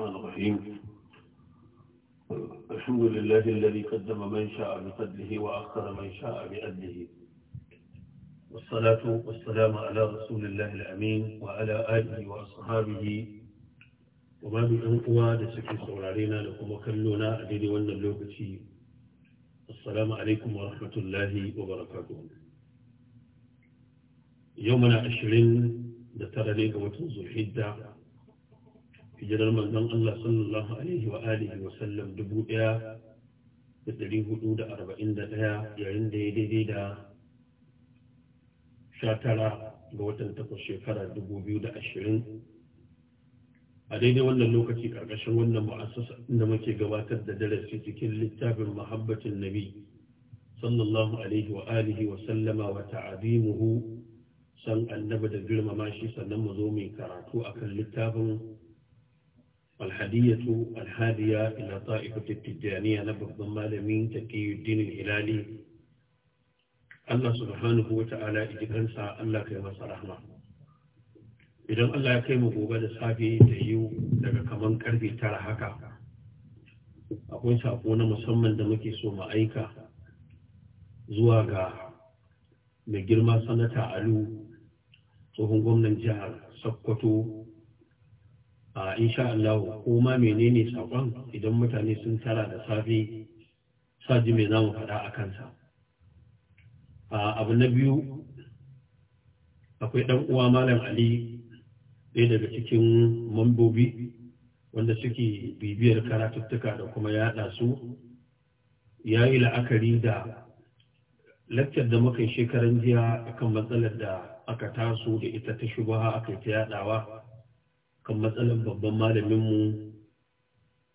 الرحمن الرحيم الحمد لله الذي قدم من شاء بقدره وأخر من شاء بأدله والصلاة والسلام على رسول الله الأمين وعلى آله وأصحابه وما بأن بأنقوا دسكي علينا لكم وكلنا أدري وأن اللوكتي السلام عليكم ورحمة الله وبركاته يومنا عشرين لترى لي قوة ذو hijirar manzon Allah sallallahu alaihi wa alihi wa sallam dubu ɗaya da ɗari hudu da arba'in da ɗaya yayin da ya daidai da sha tara ga watan takwas shekara dubu biyu da ashirin a daidai wannan lokaci ƙarƙashin wannan mu'assasa da muke gabatar da darasi cikin littafin mahabbatin nabi sallallahu alaihi wa alihi wa sallama wa ta'azimuhu san annabi da girmama shi sannan mu zo mu karatu akan littafin الحدية الهادية إلى طائفة التجانية نبغض مالمين تكي Allah الهلالي الله سبحانه وتعالى إجهنسا الله كما رحمة idan Allah ya kai mu gobe da safe da yiwu daga kaman karfe tara haka akwai sako na musamman da muke so mu aika zuwa ga mai girma sanata alu tsohon gwamnan jihar sokoto a insha Allah ko ma menene saƙon idan mutane sun tara da safe saji mai zamu faɗa a kansa abu na biyu akwai ɗan uwa malam ali ɗaya daga cikin mambobi wanda suke bibiyar karatuttuka da kuma yaɗa su ya yi la'akari da lakcar da muka shekaran jiya akan matsalar da aka taso da ita ta shubaha aka ta yaɗawa kan matsalar babban malaminmu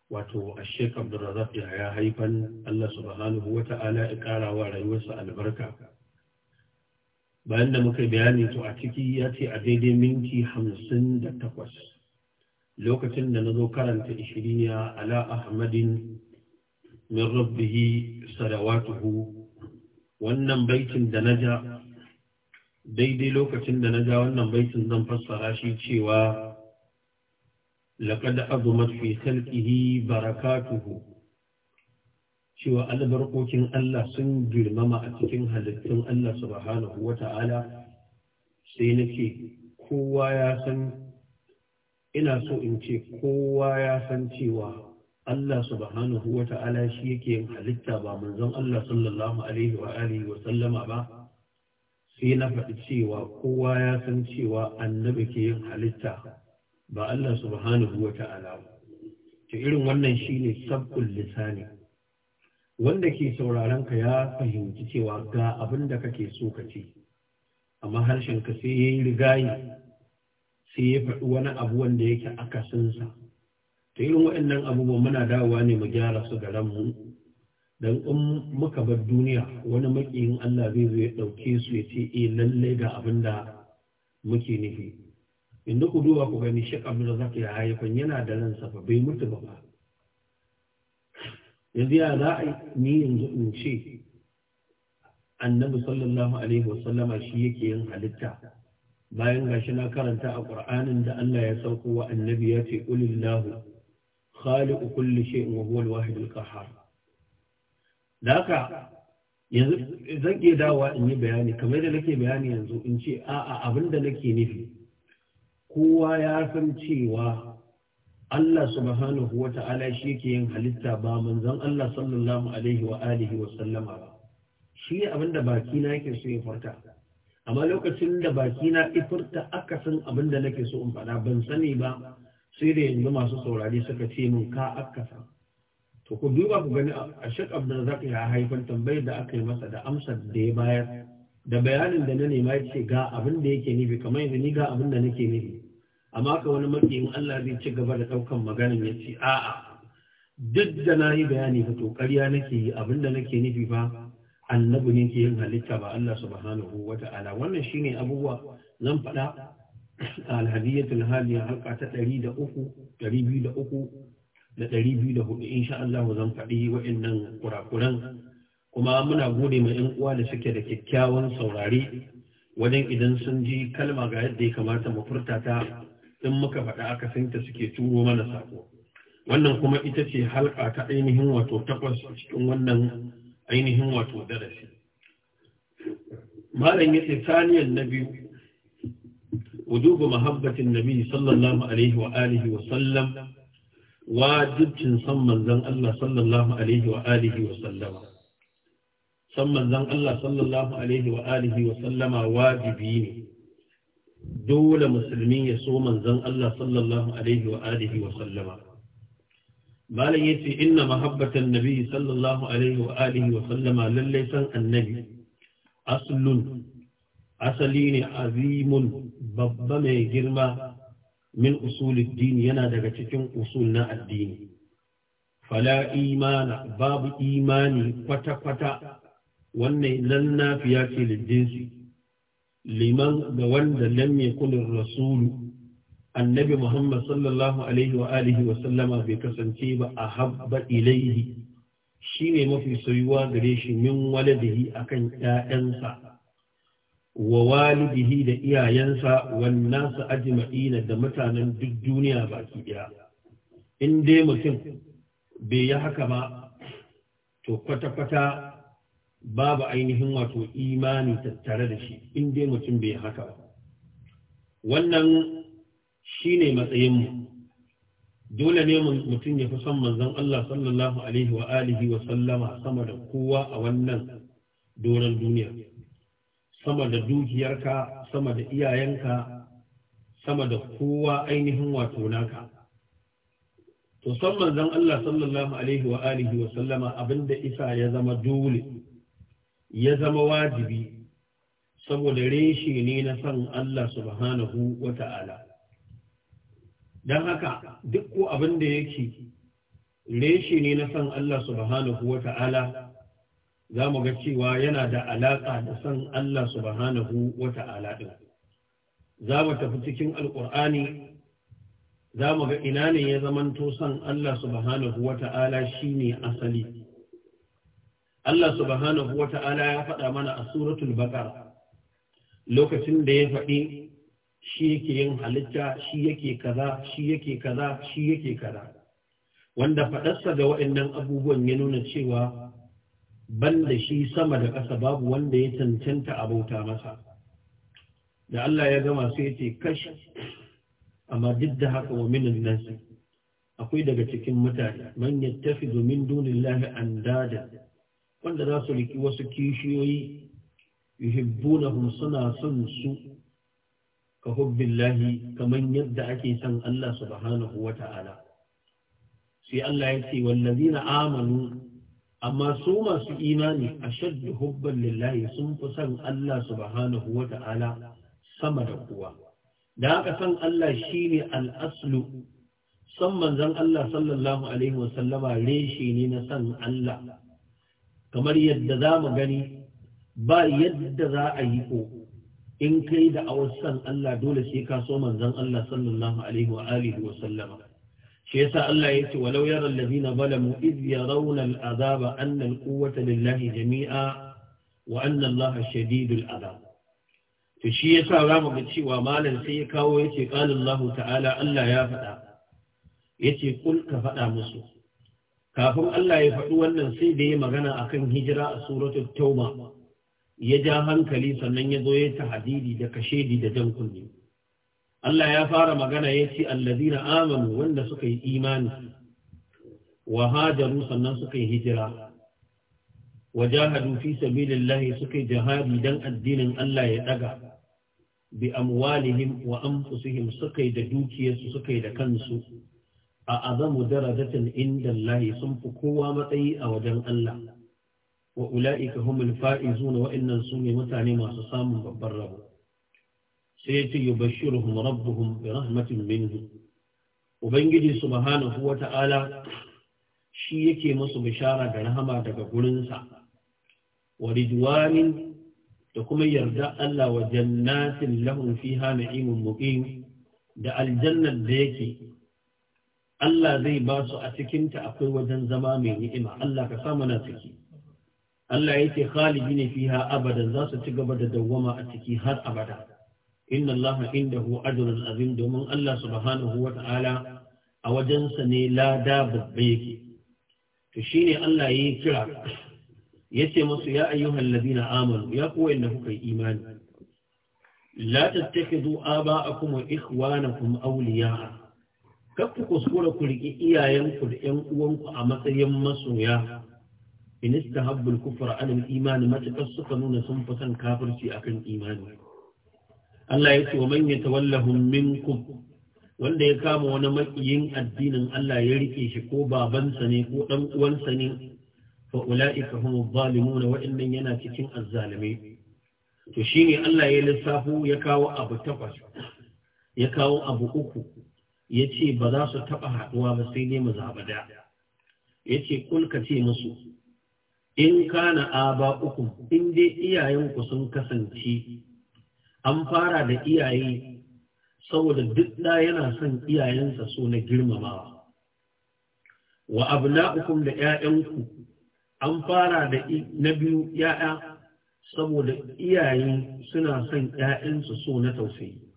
wato ashek sheik abdulrazak ya haifan allah subhanahu wa ta'ala ya ƙara wa rayuwarsa albarka bayan da muka bayani to a ciki ya ce a daidai minti hamsin da takwas lokacin da na zo karanta ishiriniya ala ahmadin min rabbihi sadawatuhu wannan baitin da na ja daidai lokacin da na ja wannan baitin zan fassara shi cewa لقد عظمت في خلقه بركاته cewa albarkokin Allah sun girmama a cikin halittun Allah subhanahu wa ta'ala sai nake kowa ya san ina so in ce kowa ya san cewa Allah subhanahu wa ta'ala shi yake yin halitta ba manzon Allah sallallahu alaihi wa wa sallama ba sai na faɗi cewa kowa ya san cewa annabi ke yin halitta ba Allah subhanahu wa ta'ala ta irin wannan shi ne sabbin lisani wanda ke sauraron ka ya fahimci cewa ga abin da kake so ka ce amma harshen ka sai ya yi rigayi sai ya faɗi wani abu wanda yake akasinsa ta irin waɗannan abubuwan muna dawowa ne mu gyara su ga ranmu dan in muka bar duniya wani makiyin Allah zai zo ya ɗauke su ya ce e lallai ga abin da muke nufi inda ku duba ku gani shi zafi ya haifan yana da nan safa bai mutu ba ba yanzu ya za a ni yanzu in ce annabi sallallahu alaihi wasallama shi yake yin halitta bayan gashi na karanta a ƙur'anin da Allah ya sauko wa annabi ya ce ulillahu khaliqu kulli shay'in wa huwa al-wahid al-qahhar daka yanzu zan iya dawa in yi bayani kamar da nake bayani yanzu in ce a'a abin da nake nufi kowa ya san cewa Allah subhanahu wa ta'ala shi yake yin halitta ba manzan Allah sallallahu alaihi wa alihi wa sallama ba shi abinda baki na yake so ya furta amma lokacin da baki na ifurta aka san abinda nake so in faɗa ban sani ba sai da yanzu masu saurari suka ce min ka aka san to ku duba ku gani a shek abdul ya haifar tambayar da aka yi masa da amsar da ya bayar da bayanin da na nema ya ce ga abin da yake nufi kamar yanzu ni ga abin da nake nufi amma ka wani makiyin Allah zai ci gaba da ɗaukan maganin ya ce a'a duk da na yi bayani ba to ƙarya nake yi abin da nake nufi ba annabi ne ke yin halitta ba Allah subhanahu wa ta'ala wannan shine abubuwa zan faɗa alhadiyatul hadiya halka ta ɗari da uku ɗari biyu da uku da ɗari biyu da hudu insha Allah zan faɗi wa'annan kurakuran kuma muna gode mai yan uwa da suke da kyakkyawan saurari wajen idan sun ji kalma ga yadda ya kamata mu furta ta in muka faɗa aka sinta suke turo mana sako wannan kuma ita ce halka ta ainihin wato takwas cikin wannan ainihin wato darasi malam ya ce saniyan na biyu وجوب محبة النبي صلى الله عليه وآله وسلم واجب صمم ذن الله صلى الله عليه وآله وسلم san manzon Allah sallallahu alaihi wa alihi wa sallama wajibi ne dole musulmi ya so manzan Allah sallallahu alaihi wa alihi wa sallama malam yace inna mahabbatan nabi sallallahu alaihi wa alihi wa sallama Lallai san annabi aslun asali ne azimun babba mai girma min usulid din yana daga cikin usul na addini fala imana babu imani kwata-kwata wannan nan nafiya ce jinsi liman ga wanda lam yakunir rasulu annabi Muhammad sallallahu alaihi wa alihi wa sallama bai kasance ba a habba ilaihi shi ne mafi soyuwa gare shi min waladihi akan ‘ya'yansa, wa walidihi da iyayensa wannan su ajima'ina da mutanen duk duniya baki ɗaya. In dai mutum bai yi haka ba, to kwata-kwata babu ainihin wato imani tattare da shi in dai mutum bai haka ba wannan shine matsayinmu dole ne mutum ya fi son manzon Allah sallallahu alaihi wa alihi wa sallama sama da kowa a wannan doron duniya sama da dukiyarka sama da iyayenka sama da kowa ainihin wato naka to son manzon Allah sallallahu alaihi wa alihi wa sallama abinda isa ya zama dole ya zama wajibi saboda reshe ne na san Allah subhanahu wa ta'ala. Don haka duk ko abin da yake reshe ne na san Allah subhanahu wa ta'ala za mu ga cewa yana da alaƙa da san Allah subhanahu wa ta'ala ɗin. Za mu tafi cikin Alƙur'ani za mu ga ina ne ya zamanto san Allah subhanahu wa ta'ala shi ne asali. Allah subhanahu wa ta'ala ya faɗa mana a suratul baqara lokacin da ya faɗi shi yake yin halitta shi yake kaza shi yake kaza shi yake kaza wanda faɗarsa ga waɗannan abubuwan ya nuna cewa ban da shi sama da ƙasa babu wanda ya cancanta a masa da Allah ya gama sai ce kashi amma duk da haka wa minin nasi akwai daga cikin mutane man yattafi domin dunin lahi an dada wanda za su riki wasu kishiyoyi yuhibbunahum suna son su ka hubbillahi kamar yadda ake son Allah subhanahu wa ta'ala sai Allah ya ce wallazina amanu amma su masu imani a shaddu hubban lillahi sun fi son Allah subhanahu wa ta'ala sama da kowa da haka san Allah shine ne aslu san manzon Allah sallallahu alaihi wa sallama reshe ne na san Allah kamar yadda za mu gani ba yadda za a yi ko in kai da san Allah dole sai ka so manzon Allah sallallahu alaihi wa alihi wa sallama shi yasa Allah ya ce walau yara allazina zalamu id yarawna al'azaba anna al-quwwata lillahi jami'a wa anna Allah shadidul azab to shi yasa za mu ga cewa malam sai ya kawo yace qala Allah ta'ala Allah ya faɗa yace kul ka faɗa musu kafin Allah ya faɗi wannan sai da ya magana akan hijira a suratul tauba ya ja hankali sannan ya zo ya hadidi da kashedi da jan kunne Allah ya fara magana ya ce allazina amanu wanda suka yi imani wa hajaru sannan suka yi hijira wa jahadu fi sabilillahi suka yi jihadi dan addinin Allah ya daga bi amwalihim wa anfusihim suka yi da dukiyarsu suka yi da kansu a azamu darajatin inda Allah sun fi kowa matsayi a wajen Allah wa ula'ika humul fa'izuna wa'annan su ne mutane masu samun babban rabo sai yace yubashshiruhum rabbuhum bi rahmatin minhu ubangiji subhanahu ta'ala shi yake musu bishara da rahama daga gurinsa wa ridwanin da kuma yarda Allah wa jannatin lahum fiha na'imun muqim da aljannar da yake Allah zai ba su a cikinta akwai wajen zama mai ni'ima Allah ka samu na ciki Allah ce khalidi ne fiha abadan za su ci gaba da dawwama a ciki har abada inna Allah indahu ajrun azim domin Allah subhanahu wa ta'ala a wajensa ne lada babba yake to ne Allah yi kira yace masu ya ayyuhal ladina amanu ya ku na kuka yi imani la tattakhidhu aba'akum wa ikhwanakum awliya'a kar ku kuskura ku rike iyayenku da ƴan uwanku a matsayin masoya in habbul kufar alal imani matakar suka nuna sun fi son kafirci akan imani Allah ya ce wa manya yatawallahum minkum wanda ya kama wani makiyin addinin Allah ya rike shi ko babansa ne ko dan uwansa ne fa ulaika hum zalimuna wa innan yana cikin azzalime to shine Allah ya lissafo ya kawo abu takwas ya kawo abu uku ya ce ba za su taɓa haɗuwa ba sai ne mu zaɓa da ya ce kulka ce musu in kana aba uku in dai iyayenku sun kasance an fara da iyaye saboda duk ɗa yana son iyayensa so na girmamawa wa abu uku da 'ya'yanku an fara da na biyu 'ya'ya saboda iyaye suna son ‘ya'yansu so na tausayi.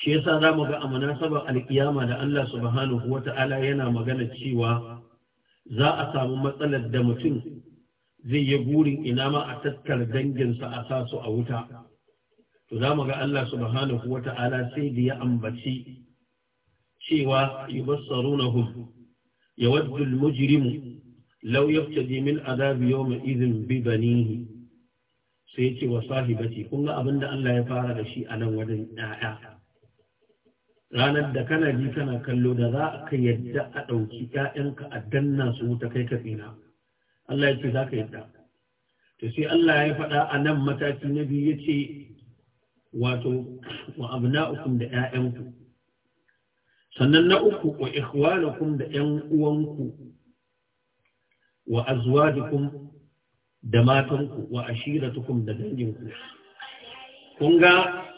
shi yasa za mu ga a munasabar alkiyama da Allah subhanahu yana magana cewa za a samu matsalar da mutum zai yi burin ina ma a taskar danginsa a sa su a wuta to za mu ga Allah subhanahu sai da ya ambaci cewa na yawaddu al-mujrimu law yaftadi min adabi yawma idhin bi banihi sai ce wa sahibati kun ga abinda Allah ya fara da shi a nan wajen 'ya'ya. ranar da kana ji kana kallo da za ka yadda a ɗauki ‘ya'yanka a danna su wuta kai kafina Allah ya ce za ka yadda to sai Allah ya faɗa a nan mataki na biyu ya ce wato wa ukun da ‘ya'yanku sannan na uku wa ikhwanakum da ‘yan uwanku wa azwajukum da matanku wa ashiratukum da danginku kun ga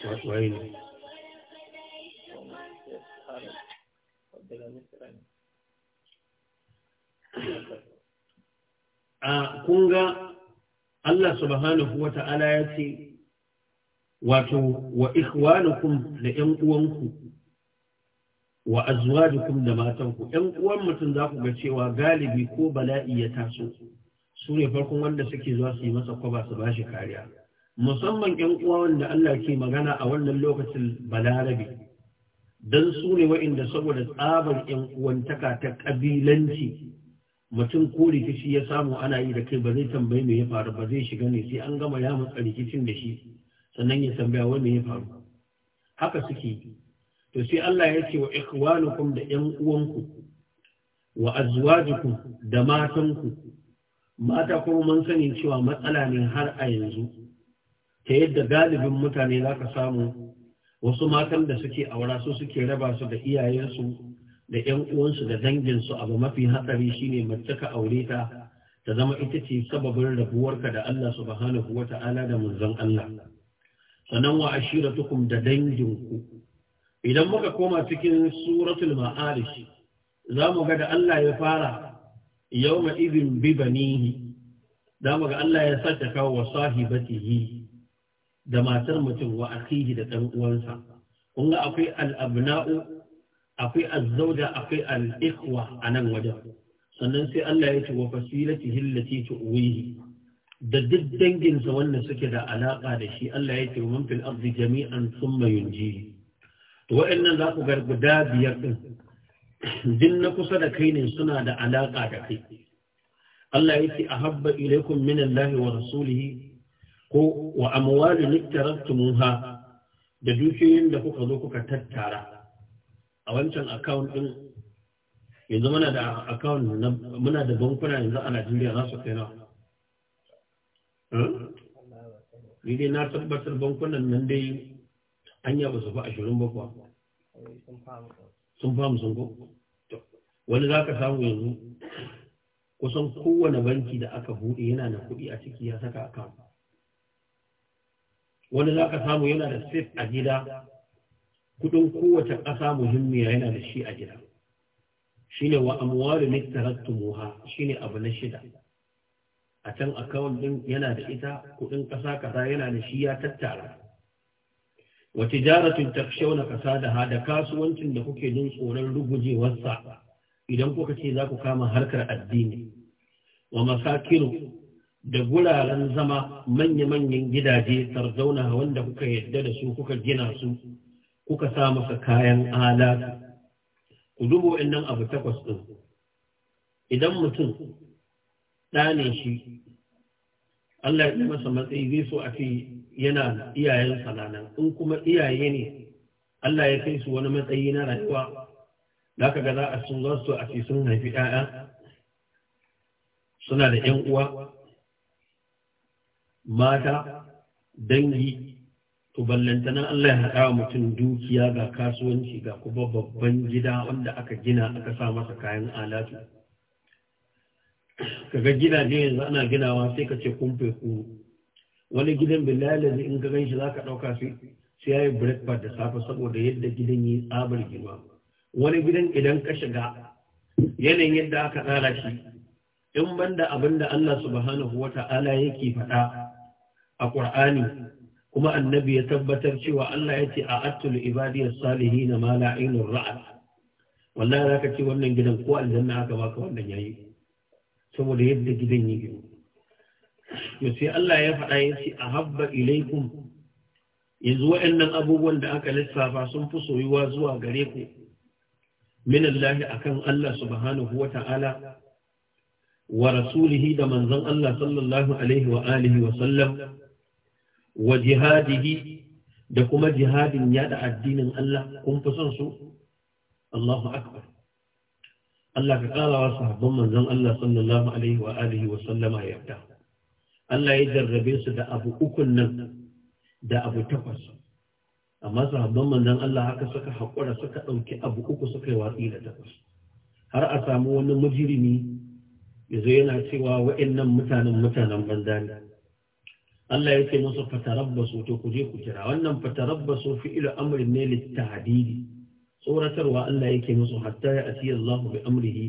kunga a kun Allah subhanahu wa ta'ala ya ce wato wa ikhwanukum da ‘yan uwanku wa azwajukum da matanku ‘yan uwan mutum za ku ga cewa galibi ko bala'i ya taso su ne farkon wanda suke zuwa su yi masa kwaba su ba shi kariya musamman ‘yan uwa wanda Allah ke magana a wannan lokacin balarabe don su ne wa'inda saboda tsabar ‘yan uwantaka ta ƙabilanci mutum ko rikici ya samu ana yi da kai ba zai tambayi me ya faru ba zai shiga ne sai an gama ya matsa rikicin da shi sannan ya tambaya wai me ya faru haka suke to sai Allah ya ce wa ikhwanukum da ‘yan uwanku wa azwajukum da matanku mata kuma mun sani cewa matsala ne har a yanzu ta yadda galibin mutane za ka samu wasu matan da suke aura su suke raba su da iyayensu da ‘yan uwansu da danginsu abu mafi hatsari shine mace ka aure ta ta zama ita ce sababin rabuwarka da Allah subhanahu wa ta'ala da manzon Allah sannan wa tukun da danginku idan muka koma cikin suratul ma'arish za mu ga da Allah ya fara yau idin bi banihi za mu ga Allah ya sace kawo wa sahibatihi da matar mutum wa akihi da ɗan uwansa kun ga akwai alabna'u akwai az akwai al a anan wajen sannan sai Allah ya ce wa fasilati hillati tuwihi da duk danginsa wanda suke da alaƙa da shi Allah ya ce wa man jami'an thumma yunji to wa'annan za ku ga guda biyar din din na kusa da kai ne suna da alaƙa da kai Allah ya ce ahabba ilaykum min Allah wa rasulihi ko wa amwalin iktaraftumuha da dukiyoyin da kuka zo kuka tattara a wancan account din yanzu muna da account muna da bankuna yanzu a Najeriya za su kai nawa hmm? ni dai na tabbatar bankunan nan dai anya ba su fi ashirin ba kuwa sun famu sun ko wani za ka samu yanzu kusan kowane banki da aka buɗe yana da kuɗi a ciki ya saka account wani za ka samu yana da sif a gida kudin kowace ƙasa muhimmiya yana da shi a gida shine wa amwalu muha shine abu na shida a can akawun din yana da ita kudin ƙasa kaza yana da shi ya tattara wa tijaratun takshawna ƙasa da kasuwancin da kuke jin tsoron rugujewarsa idan kuka ce za ku kama harkar addini wa masakiru da guraren zama manya-manyan gidaje zauna wanda kuka yadda da su kuka gina su kuka sa masa kayan ala ku dubo nan abu takwas ɗin idan mutum ɗane shi Allah ya masa matsayi zai so a fi yana iyayen sanana in kuma iyaye ne Allah ya kai su wani matsayi na rayuwa da ka ga za a sun za su a fi sun haifi 'ya'ya suna da 'yan uwa mata dangi to nan Allah ya haɗa mutum dukiya ga kasuwanci ga kuma babban gida wanda aka gina aka sa masa kayan alatu kaga gidaje yanzu ana ginawa sai ka ce kumfe ku wani gidan billahi in ka ganshi zaka dauka sai sai yayi breakfast da safe saboda yadda gidan yi tsabar girma wani gidan idan ka shiga yanayin yadda aka tsara shi in banda abin da Allah subhanahu wata'ala yake faɗa a ƙur'ani kuma annabi ya tabbatar cewa Allah ya ce a attul ibadiyar salihi na mala ainihin ra'ad wallahi za ka ce wannan gidan ko aljanna aka baka wannan yayi saboda yadda gidan yi gino to sai Allah ya faɗa ya ce a habba ilaikum yanzu waɗannan abubuwan da aka lissafa sun fi soyuwa zuwa gare ku minallahi akan Allah subhanahu wa ta'ala wa rasulihi da manzon Allah sallallahu alaihi wa alihi wa sallam wa jihadihi da kuma jihadin yada addinin Allah kun fi son su Allahu akbar Allah ka kara wa sahabban manzon Allah sallallahu alaihi wa alihi wa sallama yarda Allah ya jarrabe su da abu ukun nan da abu takwas amma sahabban manzon Allah haka suka haƙura suka ɗauki abu uku suka yi watsi da takwas har a samu wani mujirimi ya zo yana cewa wa'annan mutanen mutanen banza ne Allah ya ce masa fatarabbasu to ku je ku kira wannan fatarabbasu fi'lu amrin ne littahdidi tsoratarwa Allah yake musu hatta ya asiya Allah bi amrihi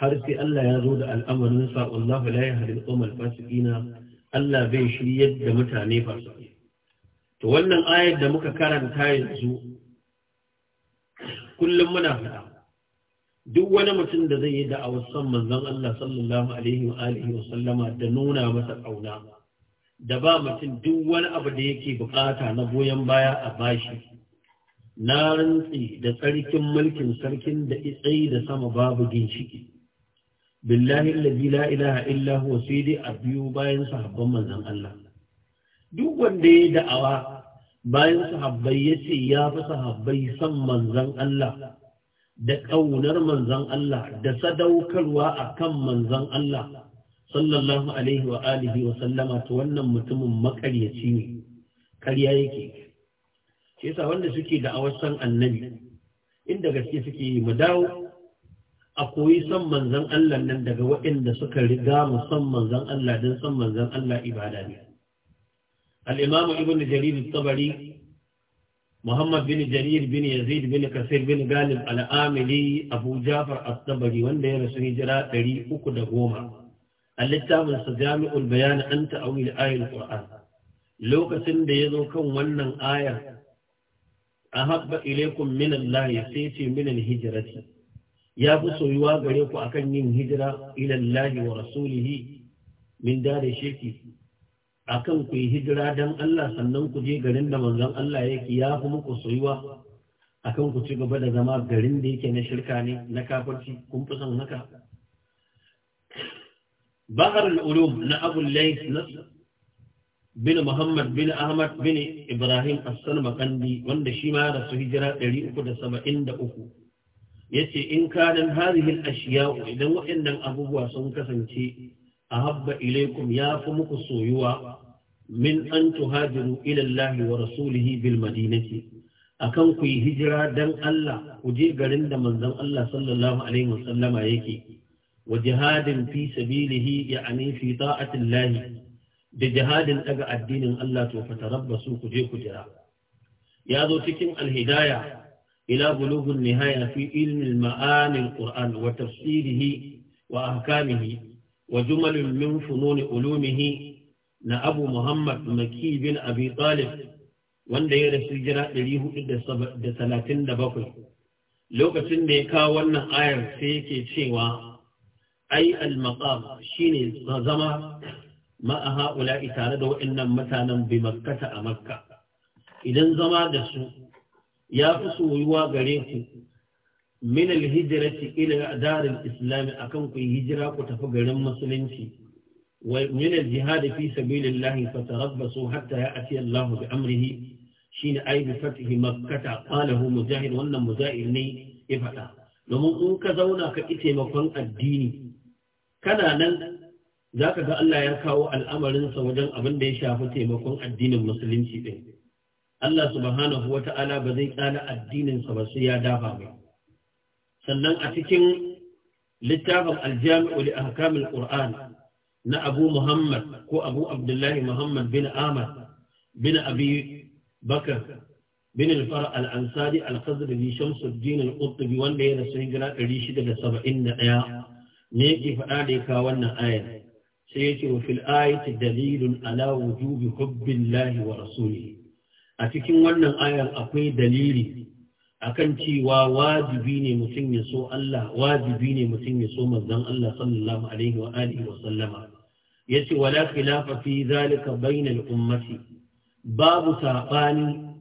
har sai Allah ya zo da al'amarin sa wallahu la yahdi al fasiqina Allah bai shiryar da mutane fasiki to wannan ayar da muka karanta yanzu kullum muna fada duk wani mutum da zai yi da a wasan manzon Allah sallallahu alaihi wa alihi wa sallama da nuna masa ƙauna. da ba mutum duk wani abu da yake bukata na goyon baya a bashi na rantsi da tsarkin mulkin sarkin da itsai da sama babu ginshiki billahi allazi la ilaha illa huwa sai dai a biyu bayan sahabban manzon Allah duk wanda ya da'awa bayan sahabbai ya ce ya fi sahabbai san manzon Allah da ƙaunar manzon Allah da sadaukarwa a akan manzon Allah sallallahu alaihi wa alihi wa sallama to wannan mutumin makaryaci ne karya yake shi yasa wanda suke da awasan annabi inda gaske suke mu dawo a koyi son manzon Allah nan daga waɗanda suka riga mu san manzon Allah dan san manzon Allah ibada ne al-imam ibn jarir at-tabari bin Yazid bin Kasir bin Galib al-Amili Abu Jafar at-Tabari wanda ya rasu hijira 310 A sa jami'ul bayan an ta'awil ayatul qur'an lokacin da yazo kan wannan aya ahabba ilaykum min Allah sai ce min hijrati ya fi soyuwa gare ku akan yin hijira ila Allah wa rasulihi min dare shirki akan ku yi hijira dan Allah sannan ku je garin da manzon Allah yake ya fi muku soyuwa akan ku ci gaba da zama garin da yake na shirka ne na kafirci kun fi son haka bahar ulum na abu lais nasr bin muhammad bin ahmad bin ibrahim assan makandi wanda shi ma rasu hijira ya ce in kanan hadhihi al-ashiya idan waɗannan abubuwa sun kasance a habba ilaikum ya fi muku soyuwa min an tuhajiru ila Allah wa rasulihi bil madinati akan ku yi hijira dan Allah ku je garin da manzon Allah sallallahu alaihi wasallama yake wa jihadin fi sabilihi ya'ani fi ta'atillahi da jihadin daga addinin Allah to fatarabbasu ku je ku jira ya zo cikin alhidaya ila bulughun nihaya fi ilmi ma'ani Qur'an wa tafsirihi wa ahkamihi wa jumalin min funun ulumihi na Abu Muhammad Maki bin Abi Talib wanda ya rasu jira 437 lokacin da ya kawo wannan ayar sai yake cewa ai al-maqam shine zama ma ha'ulai tare da waɗannan mutanen bi makkata a makka idan zama da su ya fi soyuwa gare ku min al-hijrati ila dar al-islam akan ku hijira ku tafi garin musulunci wa min al-jihad fi sabilillah fatarabbasu hatta ya'ti Allah bi amrihi shine ai bi fatihi makkata qalahu mujahid wannan mujahid ne ya faɗa domin in ka zauna ka ƙi taimakon addini kana nan za ka ga Allah ya kawo al'amarinsa wajen abin da ya shafi taimakon addinin musulunci ɗin. Allah subhanahu wa ta'ala ba zai ƙana addininsa ba sai ya dafa ba. Sannan a cikin littafin aljami'u da ahkamul Qur'an na Abu Muhammad ko Abu Abdullahi Muhammad bin Ahmad bin Abi Bakar bin al-Far al-Ansari al-Khazrali Shamsuddin al-Qutbi wanda ya rasu hijira 671 ne ke faɗa da ka wannan ayar sai yake wa fil ayati dalilun ala wujubi hubbillahi wa rasuli? a cikin wannan ayar akwai dalili akan cewa wajibi ne mutum ya so Allah wajibi ne mutum ya so manzon Allah sallallahu alaihi wa alihi wa sallama yace wala khilafa fi zalika bainal ummati babu sabani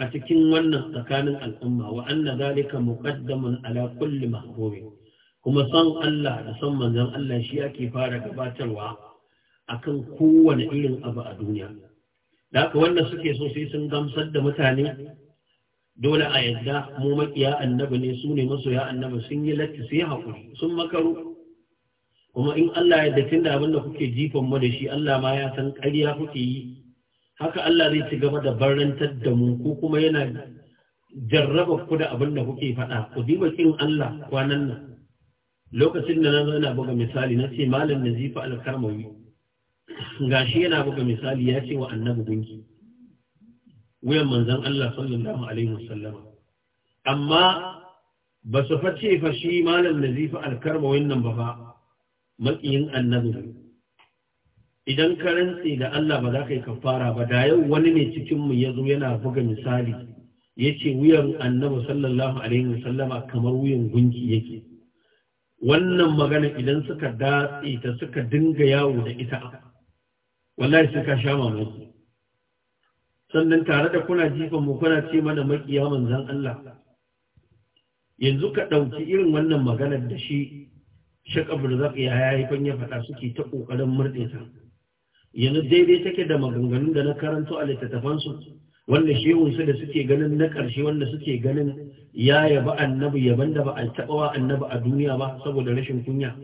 a cikin wannan tsakanin al'umma wa anna zalika muqaddamun ala kulli mahbubi kuma san Allah da san manzon Allah shi ake fara gabatarwa akan kowane irin abu a duniya da haka wanda suke so sai sun gamsar da mutane dole a yadda mu makiya annabi ne su ne masoya annabi sun yi latti sai haƙuri, sun makaru kuma in Allah ya dace da abin da kuke jifan mu da shi Allah ma ya san ƙarya kuke yi haka Allah zai ci gaba da barantar da mu ko kuma yana jarraba ku da abin da kuke faɗa ku diba kin Allah kwanan nan lokacin da na zo yana buga misali na ce malam nazifa alkarmawi shi yana buga misali ya ce wa annabi gunki wuyan manzan Allah sallallahu alaihi wasallam amma ba su face fa shi malam nazifa alkarmawi nan ba fa makiyin annabi idan ka rantse da Allah ba za ka yi kafara ba da yau wani ne cikin mu ya zo yana buga misali ya ce wuyan annabi sallallahu alaihi wasallama kamar wuyan gunki yake wannan magana idan suka datse ta suka dinga yawo da ita wallahi ka sha mamaki sannan tare da kuna jifan mu kuna ce mana makiya manzan Allah yanzu ka ɗauki irin wannan maganar da shi shaka burzak ya yayi fanya ya faɗa suke ta ƙoƙarin murɗe ta yanzu daidai take da maganganun da na karanto a littattafansu wanda shehunsu da suke ganin na ƙarshe wanda suke ganin ya yaba annabi yaban da ba a taɓa wa annabi a duniya ba saboda rashin kunya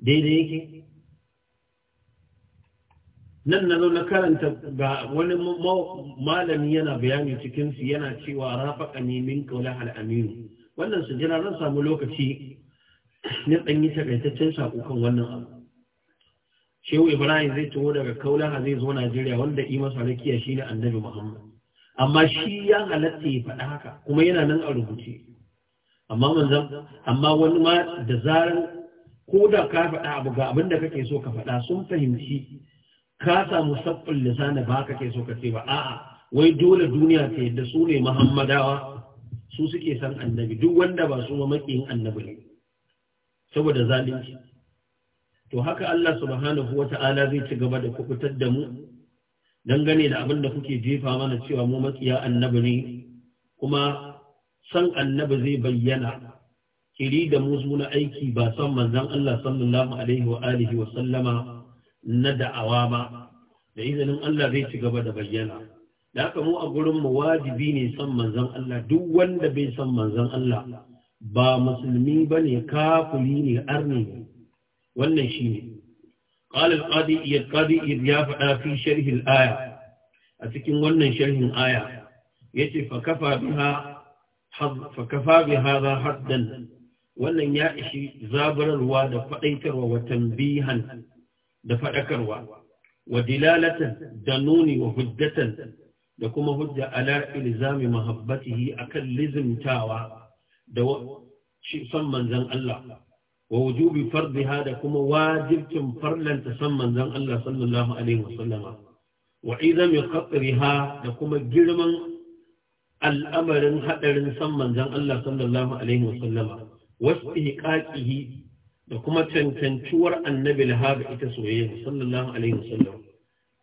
daidai yake nan na zo na karanta ga wani malami yana bayani cikinsu yana cewa rafaka ne min kaula Aminu' wannan jira zan samu lokaci na yi takaitaccen saƙo wannan abu shehu ibrahim zai tuwo daga kaulaha zai zo najeriya wanda imasa rakiya shi ne annabi muhammad amma shi ya halatta ya faɗa haka kuma yana nan a rubuce amma manzan amma wani ma da zarar ko da ka faɗa abu ga abin da kake so ka faɗa sun fahimci ka samu sabbin lisani ba ka ke so ka ce ba a'a wai dole duniya ta yadda su ne muhammadawa su suke san annabi duk wanda ba su makiyin annabi ne saboda zalunci to haka Allah subhanahu wata'ala zai ci gaba da kubutar da mu dangane da abin da kuke jefa mana cewa mu makiya annabi ne kuma san annabi zai bayyana kiri da musu na aiki ba san manzon Allah sallallahu alaihi wa alihi wa sallama na da'awa ba da izinin Allah zai ci gaba da bayyana da haka mu a gurin mu wajibi ne san manzon Allah duk wanda bai san manzon Allah ba musulmi bane kafiri ne arni wannan shine قال القاضي ya faɗa fi sharhin شرح a cikin wannan sharhin aya yace fa kafa biha fa kafa bi hadha wannan ya ishi zabararwa da fadaitarwa wa tanbihan da faɗakarwa, wa dilalatan da nuni wa huddatan da kuma hujja ala ilzam mahabbatihi akan lizmtawa da son manzon Allah wa wujubi fardiha da kuma wajibcin farlanta san manzon Allah sallallahu alaihi wasallama wa izami khatriha da kuma girman al'amarin hadarin san manzon Allah sallallahu alaihi wasallama wastihqaqihi da kuma cancancuwar annabi lahaba ita soyayya sallallahu alaihi wasallam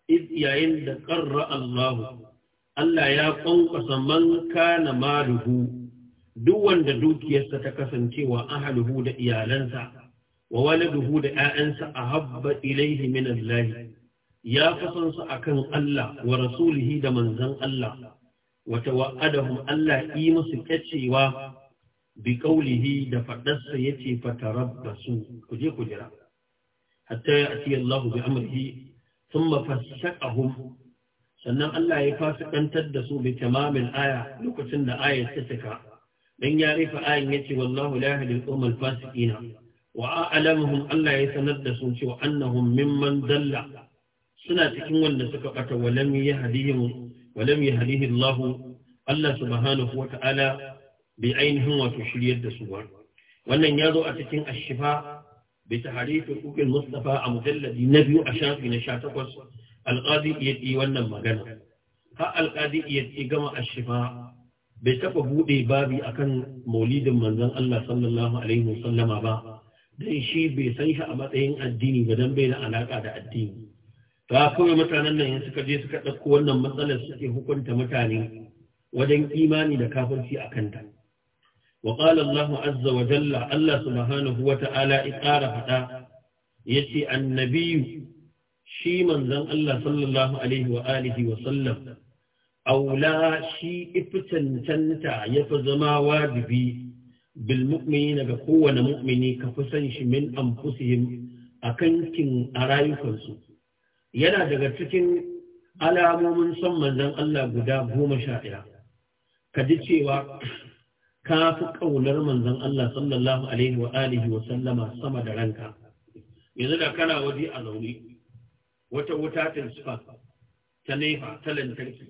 id yayin da qarra Allah Allah ya kwankwasa man kana maluhu duk wanda dukiyarsa ta kasancewa ahaluhu da iyalansa wa waladuhu da ‘ya'yansa a habba ilaihi min Allah ya kasan su akan Allah wa rasulihi da manzan Allah wata wa'adahun Allah yi musu kyacewa bi ƙaulihi da faɗarsa ya ce fatarabbasu ku je ku jira hatta ya Allah bi amrihi sun mafassaqahum sannan Allah ya fasikantar da su bi tamamin aya lokacin da ayar ta cika dan ya rufe ayin ce wallahu la yahdi al-qawmal fasiqina wa a'lamuhum Allah ya sanar da su cewa annahum mimman dalla suna cikin wanda suka bata walam yahdihim walam yahdihi Allah Allah subhanahu wa ta'ala bi ainihin wato shiryar da su ba. wannan ya zo a cikin ashifa bi tahrif huquq mustafa a mujalladi na biyu a shafi na 18 al-qadi yayi wannan magana ha al-qadi yayi gama ashifa bai taɓa buɗe babi akan maulidin manzon Allah sallallahu alaihi wasallama ba dan shi bai san shi a matsayin addini ba dan bai da alaka da addini ta kawai mutanen nan suka je suka ɗauko wannan matsalar suke hukunta mutane wajen imani da kafirci a kanta wa qala Allah azza wa jalla Allah subhanahu wa ta'ala iqara hada yace annabi shi manzon Allah sallallahu alaihi wa alihi wa sallam aula shi ifi cancanta ya fi zama wajibi bil mu'mini kowane mu'mini ka fi san shi min anfusihim a kankin a rayukansu yana daga cikin alamomin son manzon Allah guda goma sha ɗaya ka ji cewa ka fi ƙaunar manzon Allah sallallahu alaihi wa alihi wa sallama sama da ranka yanzu da kana waje a zaune wata wuta ta ta nefa ta lantarki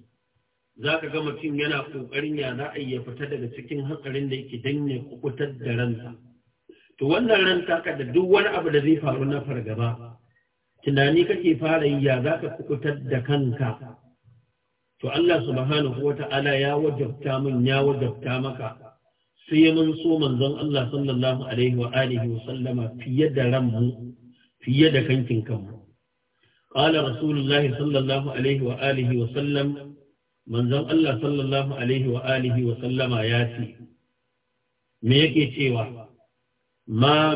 za ka ga mutum yana ƙoƙarin ya za a iya fita daga cikin hatsarin da yake dan ya kubutar da ransa. To wannan ran taka da duk wani abu da zai faru na fargaba, tunani kake fara yi ya za ka kukutar da kanka. To Allah subhanahu wa ta'ala ya wajabta min ya wajabta maka sai mun so manzon Allah sallallahu alaihi wa alihi wa sallama fiye da ranmu fiye da kankin kanmu. قال رسول الله صلى manzon Allah sallallahu alaihi wa alihi wa sallama ya ce me yake cewa ma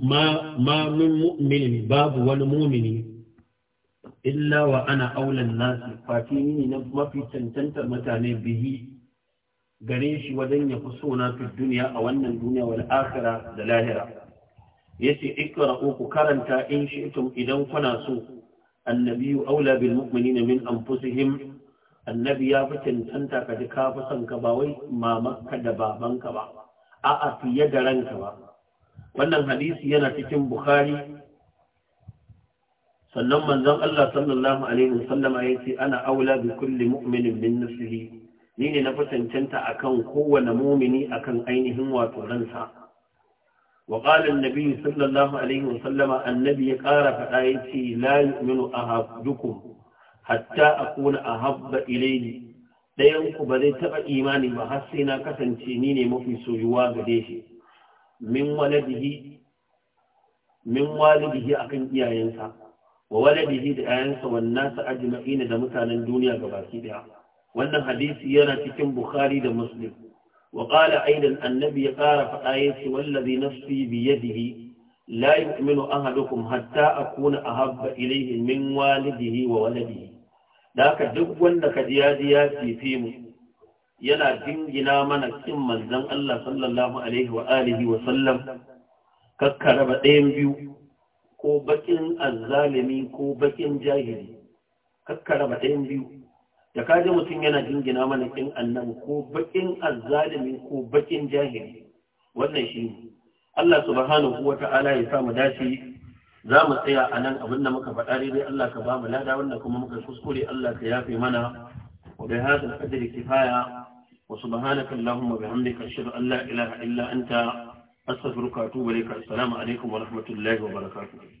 ma min babu wani mu'mini illa wa ana aulan nasi ni na mafi cancantar mutane bihi gare shi wajen ya fi sona fi duniya a wannan duniya wal akhira da lahira yace ikra'u ku karanta in shi'tum idan kuna so annabiyu aula bil mu'minina min anfusihim annabi ya fi cancanta ka ji kafi son ka ba wai mamanka da babanka ba a'a fiye da ranka ba wannan hadisi yana cikin bukhari sannan manzon Allah sallallahu alaihi wasallam ya ce ana aula bi kulli mu'minin min nafsihi ni ne na fi cancanta akan kowane mumini akan ainihin wato ransa وقال النبي صلى الله عليه ya النبي قال فآيتي لا يؤمن أحدكم hatta akuna a ilayni dayan ɗayanku ba zai taɓa imani ba har sai na kasance ni ne mafi soyuwa ga shi min waladihi min walidihi akan iyayensa wa waladihi da 'ya'yansa wannan sa ajma'ina da mutanen duniya ga baki daya wannan hadisi yana cikin bukhari da muslim wa aidan annabi ya qara fa ayati wallazi nafsi bi yadihi la yu'minu ahadukum hatta akuna ahabba ilayhi min wa da haka duk wanda ka ji ya ji ya fifi mu yana dingina mana kin manzon Allah sallallahu alaihi wa alihi wa sallam ba ɗayan biyu ko bakin azzalimi ko bakin jahili ba ɗayan biyu da kaji mutum yana dingina mana kin annabi ko bakin azzalimi ko bakin jahili wannan shi Allah subhanahu wa ta'ala ya sa mu dace za mu tsaya a nan abin da muka faɗa daidai Allah ka ba mu lada wannan kuma muka kuskure Allah ka yafe mana wa bi hadal qadri kifaya wa subhanaka allahumma bihamdika ashhadu an la ilaha illa anta astaghfiruka wa atubu ilaik assalamu alaikum wa rahmatullahi wa barakatuh